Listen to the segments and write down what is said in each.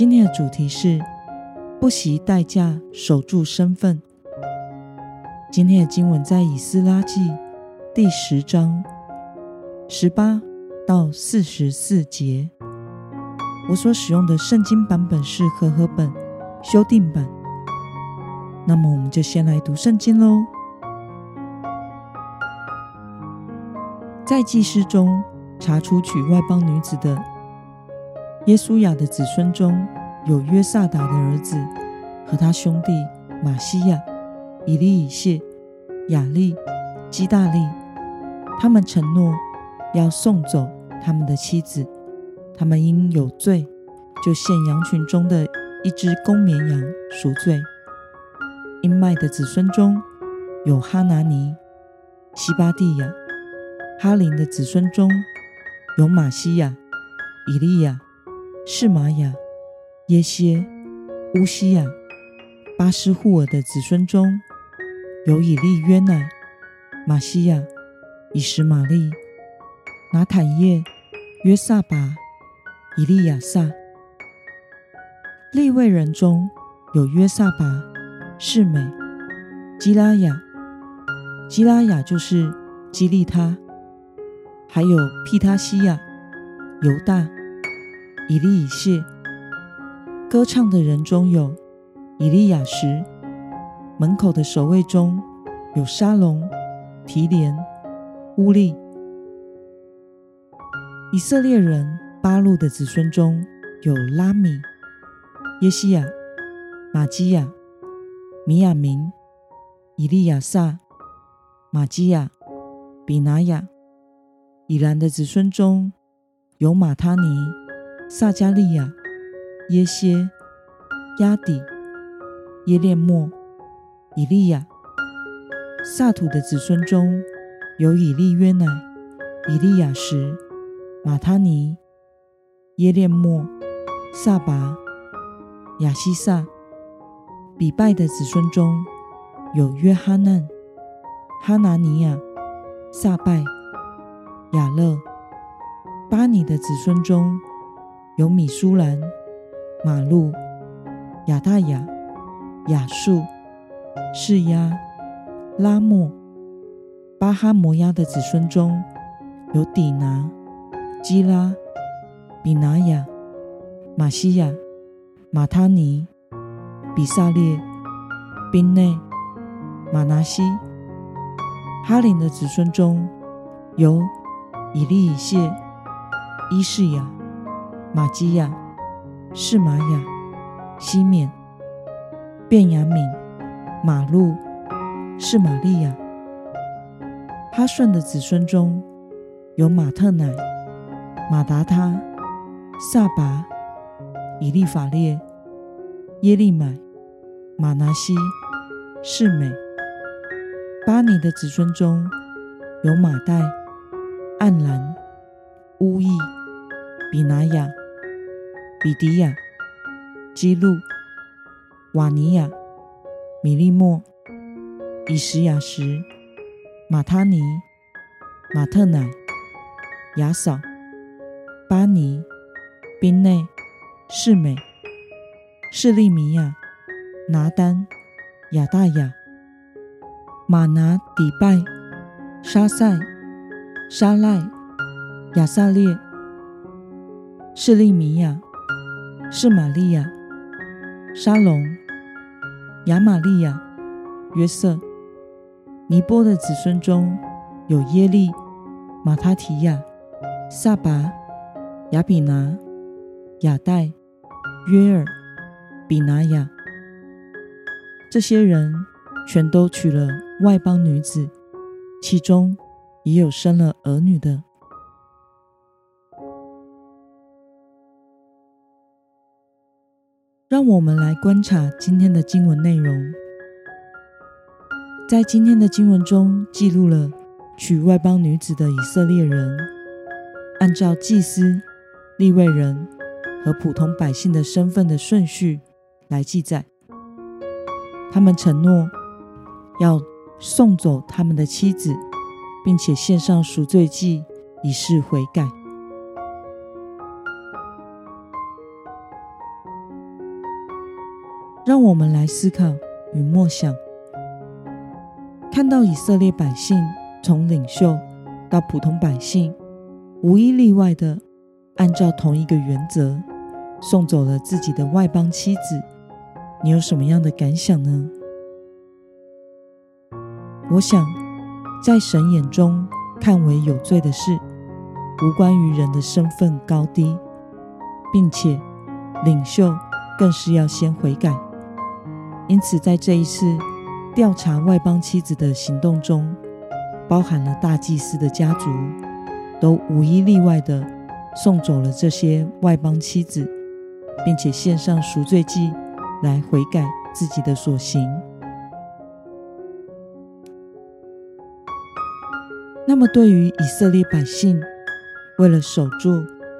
今天的主題是不惜代價守住身份。今天的經文在以斯拉記第十章十八到四十四節。我所使用的聖經版本是和合本修訂版。那麼我們就先來讀聖經嘍。在祭司中查出娶外邦女子的。耶書亞的子孫中有約薩達的兒子和他兄弟瑪西雅、以利以謝、雅立、基大利，他們承諾要送走他們的妻子。他們因有罪，就獻羊群中的一隻公綿羊贖罪。音麥的子孫中有哈拿尼、西巴第雅。哈琳的子孫中有瑪西雅、以利雅。示瑪雅、耶歇、烏西雅。巴施戶珥的子孫中有以利約乃、瑪西雅、以實瑪利、拿坦業、約撒拔、以利亞薩。利未人中有約撒拔、示每、基拉雅，基拉雅就是基利他，還有毗他希雅、猶大。以利以謝，歌唱的人中有以利亞實；門口的守衛中有沙龍、提聯、烏利；以色列人巴錄的子孫中有拉米、耶西雅、瑪基雅、米雅民、以利亞撒、瑪基雅、比拿雅。以攔的子孫中有馬他尼。撒迦利亞、耶歇、押底、耶列末、以利雅。薩土的子孫中有以利約乃、以利亞實、瑪他尼、耶列末、撒拔、亞西撒；比拜的子孫中有約哈難、哈拿尼雅、薩拜、亞勒；巴尼的子孫中。有米書蘭、瑪鹿、亞大雅、雅述、示押、拉末。巴哈摩押的子孫中有底拿、基拉、比拿雅、瑪西雅、馬他尼、比撒列、賓內、馬拿西；哈琳的子孫中有以利以謝、伊示雅。瑪基雅、示瑪雅、西緬、便雅憫、瑪鹿、示瑪利雅。哈順的子孫中有瑪特乃、瑪達他、撒拔、以利法列、耶利買、瑪拿西、示每。巴尼的子孫中有瑪玳、暗蘭、烏益、比拿雅。比底雅、基祿、瓦尼亞、米利末、以利亞實、馬他尼、馬特乃、雅掃、巴尼、賓內、示每、示利米亞、拿單、亞大雅、瑪拿底拜、沙塞、沙賴、亞薩列、示利米亞。是瑪利雅、沙龍、亞瑪利雅、約瑟。尼波的子孫中有耶利、瑪他提雅、撒拔、雅比拿、雅玳、約珥、比拿雅。這些人全都娶了外邦女子，其中也有生了兒女的。讓我們來觀察今天的經文內容。在今天的經文中，記錄了娶外邦女子的以色列人，按照祭司、利未人和普通百姓的身份的順序來記載。他們承諾要送走他們的妻子，並且獻上贖罪祭，以示悔改。讓我們來思考與默想，看到以色列百姓從領袖到普通百姓，無一例外地按照同一個原則送走了自己的外邦妻子，你有什麼樣的感想呢？我想，在神眼中看為有罪的事，無關於人的身份高低，並且領袖更是要先悔改。因此，在這一次調查外邦妻子的行動中，包含了大祭司的家族，都無一例外的送走了這些外邦妻子，並且獻上贖罪祭來悔改自己的所行。那麼，對於以色列百姓，為了守住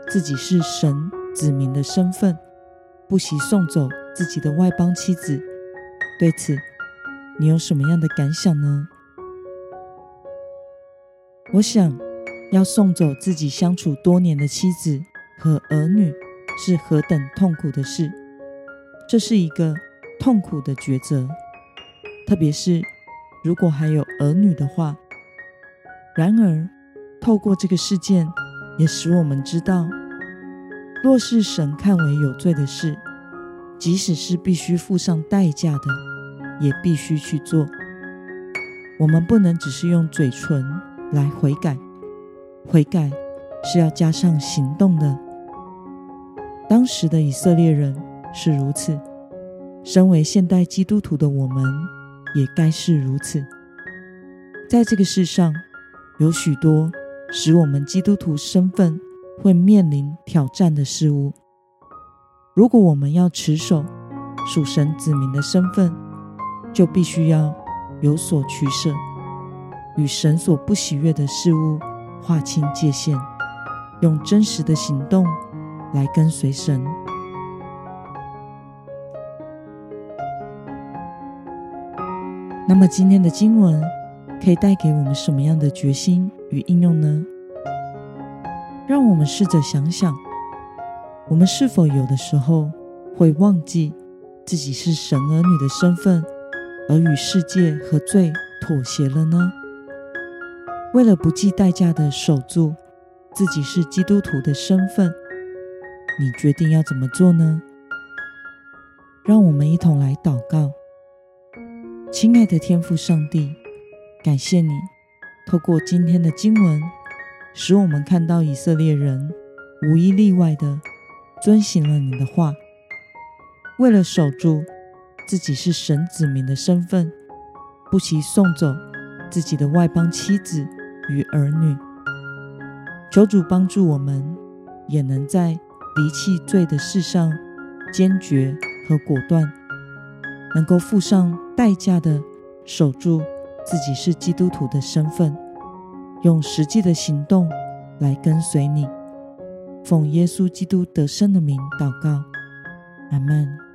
自己是神子民的身份，不惜送走自己的外邦妻子。對此，你有什麼樣的感想呢？我想要送走自己相處多年的妻子和兒女，是何等痛苦的事！這是一個痛苦的抉擇，特別是如果還有兒女的話。然而，透過這個事件，也使我們知道，若是神看為有罪的事，即使是必須付上代價的。也必須去做。我們不能只是用嘴唇來悔改，悔改是要加上行動的。當時的以色列人是如此，身為現代基督徒的我們，也該是如此。在這個世上，有許多使我們基督徒身份會面臨挑戰的事物。如果我們要持守屬神子民的身份，就必須要有所取捨，與神所不喜悅的事物劃清界限，用真實的行動來跟隨神。那麼，今天的經文可以帶給我們什麼樣的決心與應用呢？讓我們試着想想，我們是否有的時候會忘記自己是神兒女的身份？而與世界和罪妥協了呢？為了不計代價的守住自己是基督徒的身份，你決定要怎麼做呢？讓我們一同來禱告，親愛的天父上帝，感謝你透過今天的經文，使我們看到以色列人無一例外的遵行了你的話，為了守住。自己是神子民的身份，不惜送走自己的外邦妻子與兒女，求主幫助我們也能在離棄罪的事上堅決和果斷，能夠付上代價的守住自己是基督徒的身份，用實際的行動來跟隨你。奉耶穌基督得勝的名禱告，阿門。